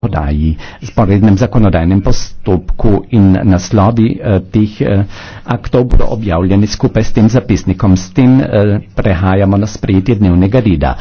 podaji, sporednem zakonodajnem postopku in naslovi eh, teh eh, aktov bodo objavljeni skupaj s tem zapisnikom. S tem eh, prehajamo na sprejetje dnevnega reda.